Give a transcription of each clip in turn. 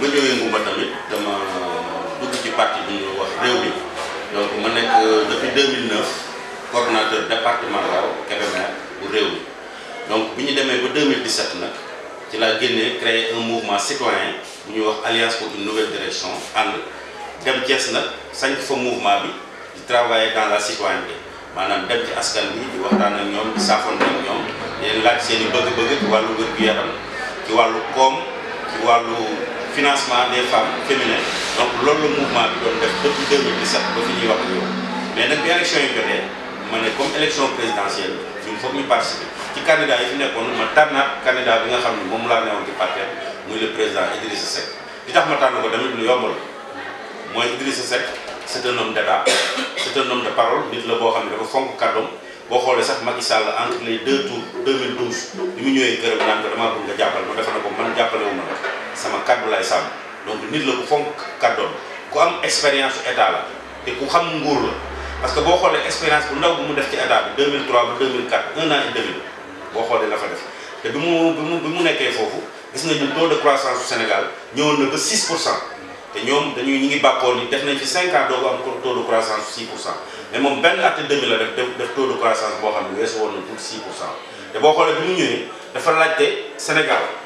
ma ñëwee Mbuba tamit dama dugg ci parti bi ñuy wax réew mi donc ma nekk euh, depuis 2009 coordonnateur bu réew donc bi ñu demee ba 2017 nag ci laa génnee créer un mouvement citoyen bu ñuy wax alliance pour une nouvelle direction ànd dem Thiès nag sañ fa mouvement bi di travailler dans la citoyenneté maanaam dem askan bi di ñoom di saafoon ak ñoom wàllu wér-gu-yaram ci wàllu koom ci wàllu. financement des femmes féminines donc loolu la mouvement doon def depuis ba fi ñuy wax ak yow mais nag bi élection yi ma ne comme élection présidentielle ñun foog ñu participer ci candidat yi fi nekkoon ma tànnaat candidat bi nga xam ne moom laa newoon ci parti muy le président Idrissa Seck li tax ma tànn ko tamit lu yomb la mooy Idrissa Seck c' est un homme d' état c' est un homme de parole nit la boo xam ne dafa fonk kàddoom boo xoolee sax Macky Sall entre les deux tours 2012 bi mu sama kaddu lay sàmm donc nit la ku fonk kaddoon ku am expérience su état la te ku xam nguur la parce que boo xoolee expérience bu ndaw bu mu def ci état bi 2003 ba 2004 un an et demi boo xoolee la fa def te bi mu bi mu nekkee foofu gis nañu taux de croissance su Sénégal ñëw na ba 6 pour cent te ñoom dañuy ñu ngi bàkkoon ni def nañ fi 5 ans doo ko am taux de croissance 6 pour cent mais moom benn at et demi la def def taux de boo xam ne weesu na pour 6 pour boo xoolee bi mu ñëwee dafa laajte Sénégal.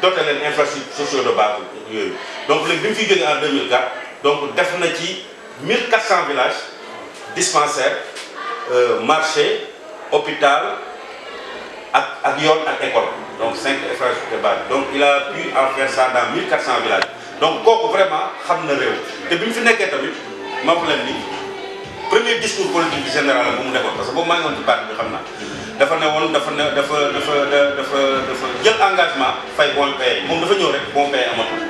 d'autres les infrastructures sociales de base donc le bi en 2004 donc def 1400 villages dispensaires euh, marchés hôpital ak ak donc 5 infrastructures de base donc il a pu en faire ça dans 1400 villages donc kooku vraiment xam na réew te bi fi ma premier discours politique général parce que je ne ngi pas ci dafa ne woon dafa ne dafa dafa dafa dafa jël engagement fay bon pay moom dafa ñëw rek bon pay amatul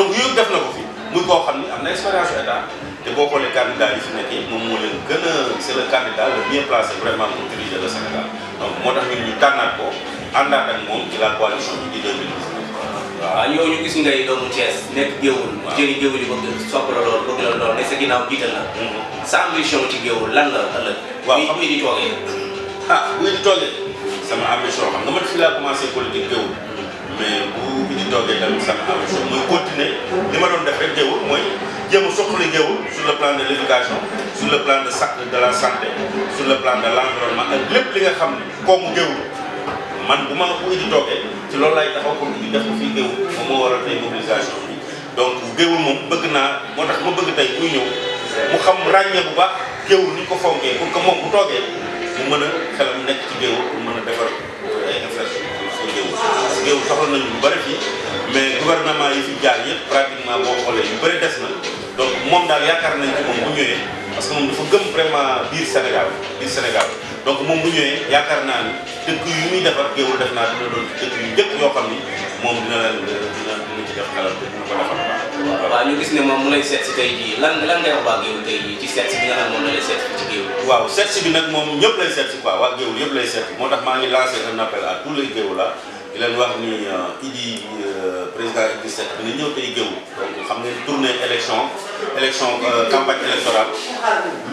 donc yooyu def na ko fi muy boo xam ni am na expérience état te boo xoolee candidat yi fi nekk moom moo leen gën a c'est le candidat pour diriger le Sénégal donc moo ñu tànnaat ko àndaat ak moom ci la coalition bi di 2012. waaw ñu gis ngay doomu Thiès nekk géewul yi bëgg sopp la ginnaaw jiital la mm-hmm. sa ambition ci géewul lan la ëllëg waaw xam ni di toogee ah bu ngeen di toogee sama ambition xam nga man fi laa commencé politique géewul mais bu bi di toogee tamit sama ambition mooy continuer li ma doon def rek géewul mooy jéem a soxla géewul sur le plan de l' éducation sur le plan de sa de la santé su le plan de l' ak lépp li nga xam ne koomu géewul man bu ma bu di toogee ci loolu laay taxaw comme di def ko fii géewul moom moo waral tey mobilisation bi donc géewul moom bëgg naa moo tax ma bëgg tey muy ñëw mu xam ràññee bu baax géewul ni ko fonkee pour que moom bu toogee mu mën a xelam nekk ci géewu pour mën a développer ay infrastructure ci géewu géewu soxla nañu lu bëri fii mais gouvernement yi fi jaar yëpp pratiquement boo xoolee yu bëri des na donc moom daal yaakaar nañ ci moom bu ñëwee parce que moom dafa gëm vraiment biir Sénégal biir Sénégal donc moom bu ñëwee yaakaar naa ni dëkk yu muy defar géewul def naa dina doon dëkk yu njëkk yoo xam ni moom dina dina dina ci def xelal te dina ko defar baax. waaw ñu gis ne moom mu lay seet si tey jii lan lan ngay wax waa géewul tey jii ci seet si bi nga xam moom la lay seet si ci géewul. waaw seet si bi nag moom ñëpp lay seet si quoi waa géewul yëpp lay seet si moo tax maa ngi lancé un appel à tous les géewul la leen wax ni euh, Idi euh, président Idrissa Seck dina ñëw tey gëw donc xam ngeen tournée élection élection euh, campagne électorale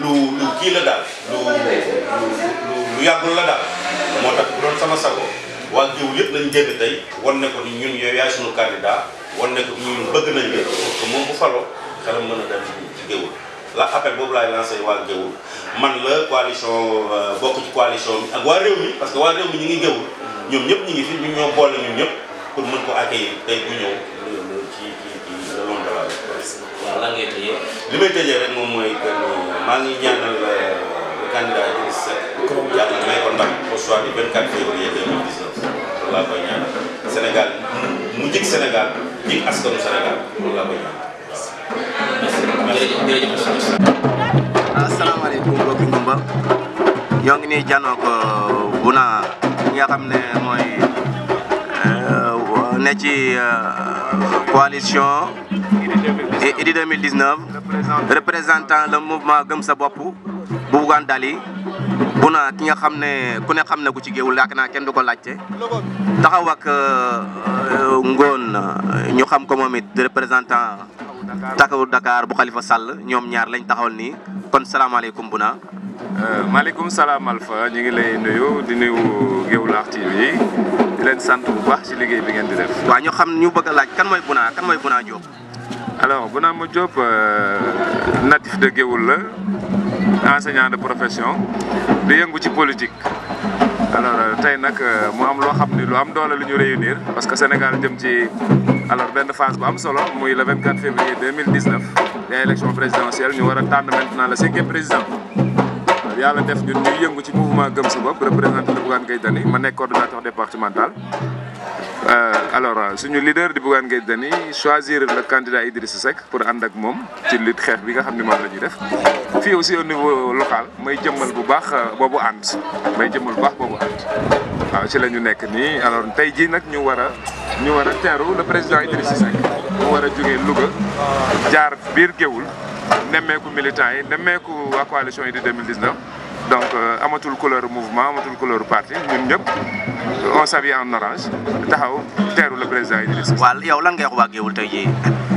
lu lu kii la daal lu lu yàggul la daal moo tax bu doon sama sago waa jiw yëpp lañ jënd tey wan ne ko ni ñun yow yaay sunu candidat wan ne ko bëgg nañ la pour que moom bu falo xelam mën a dem géwul la appel boobu laay lancé waa géwul man la coalition bokk ci coalition ak waa réew mi parce que waa réew mi ñu ngi géwul ñom ñep ñi ngi fi ñu ñoo bolé ñun ñep pour mëne ko accueillir tay bu ñew ci ci ci le long de la presse. waaw ngay tayé li may tëjee rek mom moy que ma ngi ñaanal le candidat du Idriss Seck. yàlla may ko ndax au soir du 24 février 2019. la laa koy ñaanal Sénégal mu jik Sénégal jig askanu Sénégal loolu la koy ñaanal. asalaamaaleykum mbokki Ngoumba ñoo ngi nii jànnoo ko nga xam ne mooy euh, ne ci euh, coalition représentant le mouvement gëm sa bopp bu Bougane Dali bu ki nga xam ne ku ne xam ne ku ci géewul yaakaar naa kenn du ko laajte taxaw ak euh, ngoon ñu xam ko moom it représentant takku Dakar bu Khalifa Sall ñoom ñaar lañ taxawal nii kon buna. Bouna. Euh, malikum salam alfa ñi ngi lay nuyu di nuyu Gueoulart TV di len sant bu baax ci liggéey bi ngeen di def. wa ñu xam ñu bëgg laaj kan moy buna kan moy buna job? alors buna Mo job euh, natif de Géoul la enseignant de profession di yëngu ci politique alors tay nak mo am lo xamni ni lu am doole lu ñu réunir parce que Sénégal jëm ci alors ben phase bu am solo muy le 24 février 2019 des élections présidentielles ñu wara a maintenant le 5e président yàlla def ñu ñu yëngu ci mouvement gëm sa bop représenter le Bougane gay dani ma nek coordinateur départemental euh alors euh, suñu leader di Bougane gay dani choisir le candidat idriss Seck pour and ak mom ci lutte xex bi nga xamni mom moom def fi aussi au niveau local may jëmmal bu baax euh, bobu and may jëmmal bu baax bobu and waaw ci lañu nek ni alors tay ji nak ñu wara ñu war a teeru le président Idrissa Seck mu war a jógee Louga jaar biir Géoul nemmeeku militants yi nemmeeku waa coalition yi di 2019 donc euh, amatul couleur mouvement amatul couleur parti ñun ñëpp on s'habille en orange taxaw teeru le président Idrissa Seck. waaw yow la ngay wax waa Géoul tey jii.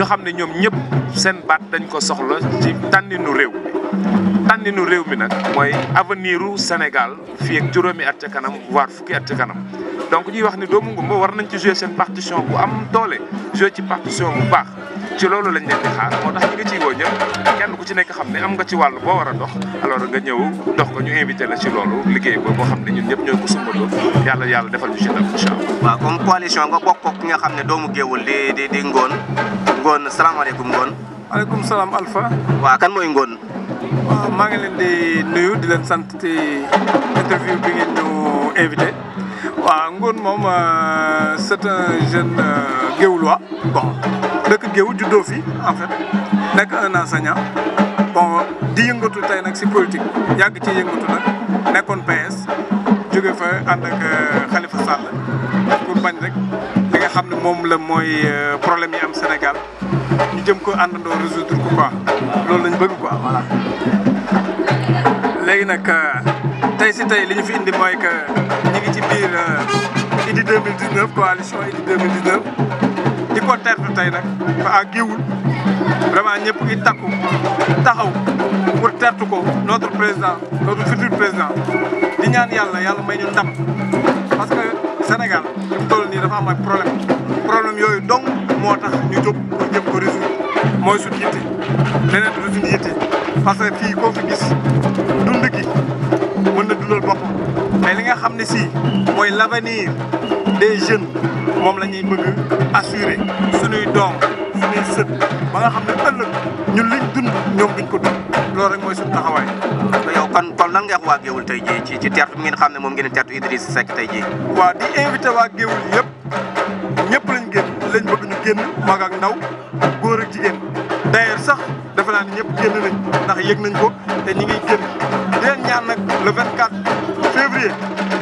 ñu xam ne ñoom ñëpp seen baat dañ ko soxla ci tànninu réew mi tànninu réew mi nag mooy avenir u Sénégal fii ak juróomi at ca kanam voire fukki at kanam donc ñuy wax ni doomu ngumba war nañ ci jouer seen partition bu am doole jouer ci partition bu baax ci loolu lañ leen di xaar moo tax nga ciy woo kenn ku ci nekk xam ne am nga ci wàll boo war a dox alors nga ñëw dox ko ñu invité la ci loolu liggéey boobu boo xam ne ñun ñëpp ñooy ko sumbandoo yàlla yàlla defal ñu ci ndam incha allah. waaw comme coalition nga doomu géewul di di di Ngone Ngone salaamaaleykum Ngone. maaleykum salaam Alpha. waaw kan mooy Ngone. maa ngi leen di nuyu di leen sant ci interview bi ngeen ñu invité. waaw ngoon moom euh, c'est jeune euh, géewulois bon. dëkk Géew juddoo fi en fait nekk un enseignant bon di yëngatu tey nag si politique yàgg ci yëngatu nag nekkoon PS jóge fa ànd ak euh, Khalifa Sall pour bañ rek li nga xam ne moom la mooy euh, problème yi am Sénégal ñu jëm ko àndandoo résoudre ko quoi loolu lañ bëgg quoi voilà. léegi nag euh, tey si tey li ñu fi indi mooy que ñu ngi ci biir Idy 2019 coalition Idy 2019. di ko tertu tey nag fa Guéoul vraiment ñëpp ngi takku taxaw pour tertu ko notre président notre futur président di ñaan yàlla yàlla may ñu ndam parce que Sénégal ñu mu toll nii dafa am ay problème problème yooyu dong moo tax ñu jóg pour jëm ko résoudre mooy suñu yitte leneen du parce que fii koo fi gis dund gi mën na dundal boppam mais li nga xam ne sii mooy l'avenir des jeunes moom la ñuy bëgg assurer suñuy doom suñuy sët ba xam ne ëllëg ñun liñ dun ñoom duñ ko dund loolu rek mooy suñu taxawaay. yow kon kon lan nga wax waa Géoul tey jii ci ci tertu bi xam ne moom ngeen tertu Idriss Seck tey jii. waa di invité waa Géoul yëpp ñëpp lañ génn lañ bëgg ñu génn mag ak ndaw góor ak jigéen d'ailleurs sax defe naa ne ñëpp génn nañ ndax yëg nañ ko te ñi ngi génn di ñaan nag le 24 février.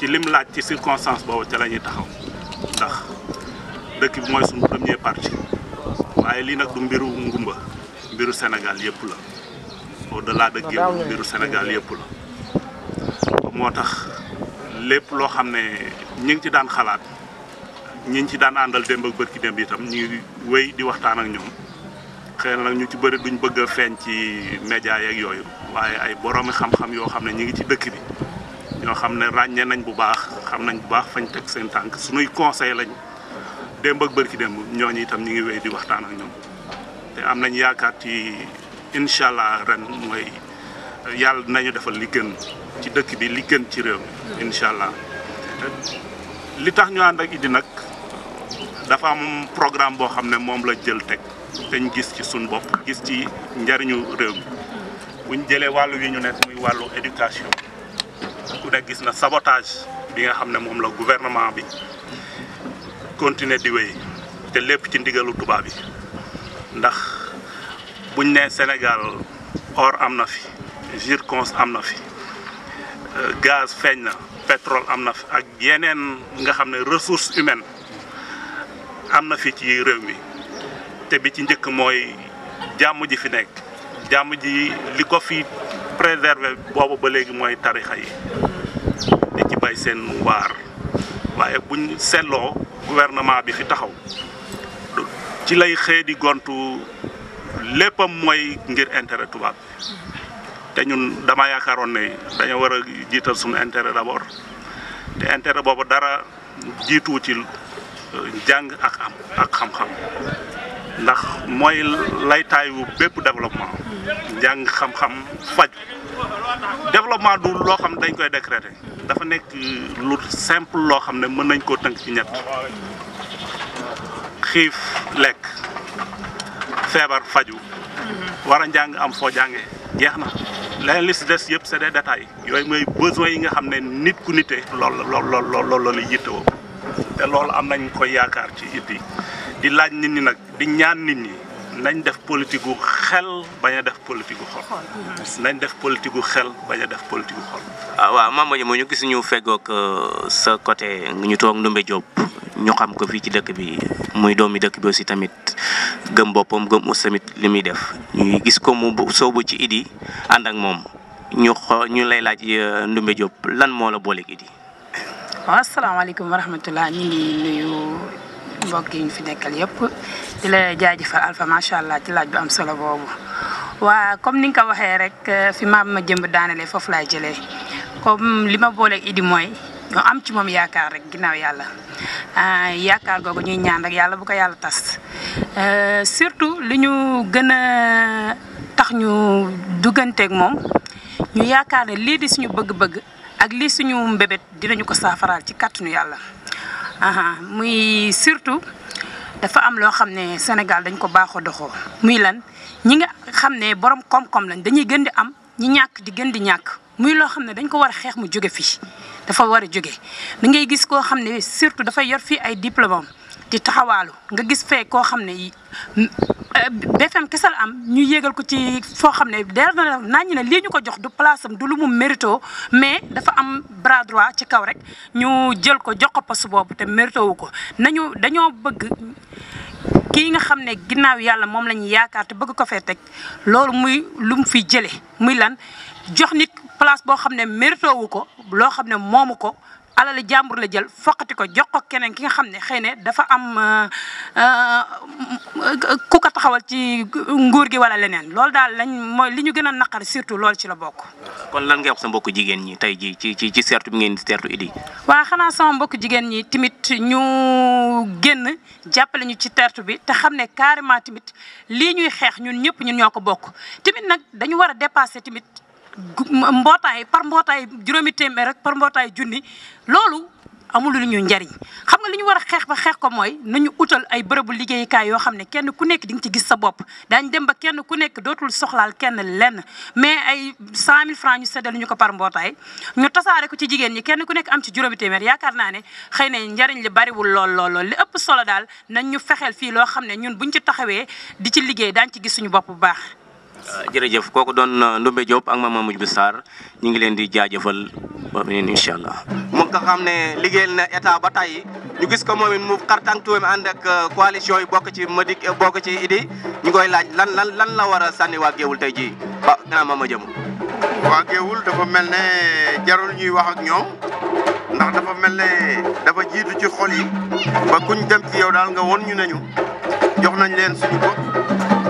ci lim laaj ci circonstance boobu ca la ñuy taxaw ndax dëkk bi mooy suñu premier parti waaye lii nag du mbiru ngumba mbiru Sénégal yëpp la au delà de Guéoul mbiru Sénégal yëpp moo tax lépp loo xam ne ñi ngi ci daan xalaat ñi ngi ci daan àndal démb ak ki démb itam ñu ngi wéy di waxtaan ak ñoom xëy nag ñu ci bëri duñ bëgg a feeñ ci média yeeg yooyu waaye ay boroomi xam-xam yoo xam ne ñi ngi ci dëkk bi ñoo xamne ragné nañ bu baax xam nañ bu baax fañ tek seen tank suñuy conseil lañ demb ak barki demb ñoo ñi tam ñi ngi wéy di waxtaan ak ñoom té am nañ yaakaar ci inshallah ren moy yalla nañu defal li gën ci dëkk bi li gën ci réew inshallah li tax ñu and ak idi nak dafa am programme bo xamne mom la jël tek dañ gis ci sun bop gis ci njariñu réew mi buñ jëlee wàllu wi ñu nekk muy walu éducation ku gis na sabotage bi nga xam ne moom la gouvernement bi continuer di wéy te lépp ci ndigalu tubaab yi ndax buñ ne Sénégal or am na fi zircon am na fi euh, gaz feeñ na pétrole am na fi ak yeneen nga xam ne ressource humaine am na fi ci réew mi te bi ci njëkk mooy jàmm ji fi nekk jàmm ji li ko fi préserver boobu ba léegi mooy tarixa yi bay seen waar waaye buñ seetloo gouvernement bi fi taxaw ci lay xëy gont gontu léppam mooy ngir intérêt tubaab te ñun dama yaakaaroon ne dañoo war a jiital suñu intérêt d'abord te intérêt boobu dara jiitu ci euh, jàng ak am ak xam-xam ndax mooy laytaayu bépp développement mm-hmm. jàng xam-xam faj développement du loo xam dañ koy décréter dafa nek lu simple lo xamne meun nañ ko tank ci ñatt xif lek febar faju wara a am fo jangé jeexna la liste des yep c'est des détails yoy moy besoin yi nga xamne nit ku nite lool lool lool lool yitté wo té loolu am nañ ko yaakar ci yitté di laaj nit ñi nak di ñaan nit ñi nañ def politique xel bañ a def politique gu xol. nañ def politique gu xel bañ a def politique gu xol. ah waaw Mame Mbodji moo ñu gis ñu feggoog euh, sa côté ñu toog Ndoumbé Diop ñu xam ko fii ci dëkk bi muy doomi dëkk bi aussi tamit gëm boppam gëm aussi tamit li muy def ñuy gis ko mu soobu ci Idi ànd ak moom ñu ñu lay laaj euh, Ndoumbé Diop lan moo la booleeg Idi. waaw asalaamaaleykum wa rahmatulah ñu nuyu. mbokk yi ñu fi nekkal yëpp di la jaajëfal alfa macha allah ci laaj bu am solo boobu. waa comme ni nga ko waxee rek euh, fi maam ma jëmb daanele foofu laay jëlee comme li ma booleeg Idi mooy ñoo am ci moom yaakaar rek ginnaaw yàlla ah, yaakaar googu ñuy ñaan rek yàlla bu ko yàlla tas euh, surtout li ñu gën a tax ñu dugganteeg moom ñu yaakaar ne lii di suñu bëgg-bëgg ak lii suñu mbébét dinañu ko saafaraal ci kàttanu yàlla. muy surtout dafa am loo xam ne Sénégal dañ ko baaxoo doxoo muy lan ñi nga xam ne borom koom-koom lañ dañuy gën di am ñi ñàkk di gën di ñàkk muy loo xam ne dañ ko war a xeex mu jóge fii dafa war a jóge da ngay gis koo xam ne surtout dafay yor fii ay diplôme di taxawaalu nga gis fee koo xam ne yi BFM am ñu yéegal ko ci foo xam ne der na naa ñu ne lii ñu ko jox du place am du lu mu mérito mais dafa am bras ci kaw rek ñu jël ko jox ko poste boobu te mérito wu ko nañu dañoo bëgg kii nga xam ne ginnaaw yàlla moom la ñu yaakaar te bëgg ko fee teg loolu muy lu mu fiy jëlee muy lan jox nit palace boo xam ne mérito wu ko loo xam ne moomu ko. alali jàmbur la jël foqati ko jox ko keneen ki nga xam ne xëy ne dafa am euh, euh, ku ko taxawal ci nguur gi wala leneen loolu daal lañ mooy li ñu gën a naqar surtout lool ci la bokk. kon lan ngay sa mbokku jigéen ñi tey jii ci ci ci seertu bi ngeen di seertu idi. waaw xanaa sama mbokku jigéen ñi tamit ñu génn jàppale ñu ci teertu bi te xam ne carrément tamit lii ñuy xeex ñun ñëpp ñun ñoo ko bokk tamit nag dañu war a dépasser tamit. mbootaay par mbootaay juróomi téeméer par mbootaay junni loolu amul lu ñu njariñ xam nga lu ñu war a xeex ba xeex ko mooy ñu utal ay bërëbu liggéeyukaay yoo xam ne kenn ku nekk di nga ci gis sa bopp daañ dem ba kenn ku nekk dootul soxlaal kenn lenn mais ay 100000 francs ñu seddal ñu ko par mbootaay ñu tasaare ko ci jigéen ñi kenn ku nekk am ci juróomi téeméer yaakaar naa ne xëy na njariñ li bariwul lool lool li ëpp solo daal nañ ñu fexeel fii loo xam ne ñun buñ ci taxawee di ci liggéey daañ ci gis suñu bopp bu baax Euh, jërëjëf kooku doon euh, Ndoumbé Diop ak Mame Moujibou Sarr ñu ngi leen di jaajëfal ba beneen incha allah. moom nga xam ne liggéeyal na état ba tey ñu gis ko moom it mu xartangtuwam ànd ak euh, coalition ko bokk ci Madick bokk ci Idi ñu koy laaj lan lan lan la war a sànni waa tey jii ba naa ma ma jëm. waa dafa mel ne jarul ñuy wax ak ñoom ndax dafa mel ne dafa jiitu ci xol yi ba kuñ dem ci yow daal nga won ñu nañu jox nañ leen suñu bopp.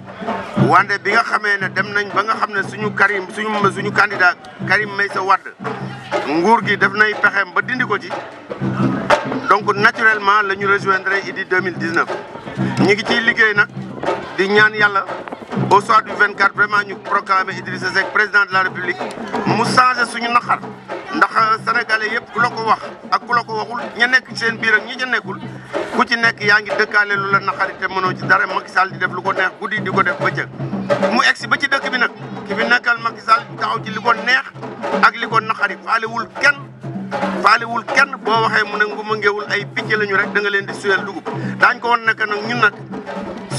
wande bi nga xamee ne dem nañ ba nga xam ne suñu Karim suñu suñu candidat Karim sa Wade nguur gi def nay pexeem ba dindi ko ci donc naturellement la ñu rejoindre Idy 2019 ñi ngi ciy liggéey nag. di ñaan yalla au soir du 24 vraiment ñu proclamer Idrissa Seck président de la République mu changé suñu naxar ndax sénégalais yépp ku la ko wax ak ku la ko waxul ña nekk ci seen biir ak ñi ca nekkul ku ci nekk yaa ngi dëkkaale lu la naxari te mënoo ci dara Macky Sall di def lu ko neex guddi di ko def bëccëg mu egsi ba ci dëkk bi nag ki fi nekkal Macky Sall taxaw ci li ko neex ak li ko naxari faalewul kenn faalewul kenn boo waxee mu ne ngu ma ngewul ay picc lañu rek da nga leen di suyal dugub daañ ko won nekk nag ñun nag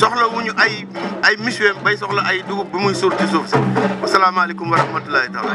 soxla wuñu ay ay monsieur bay soxla ay dugub bu muy suul ci suuf alaykum wa rahmatullahi taala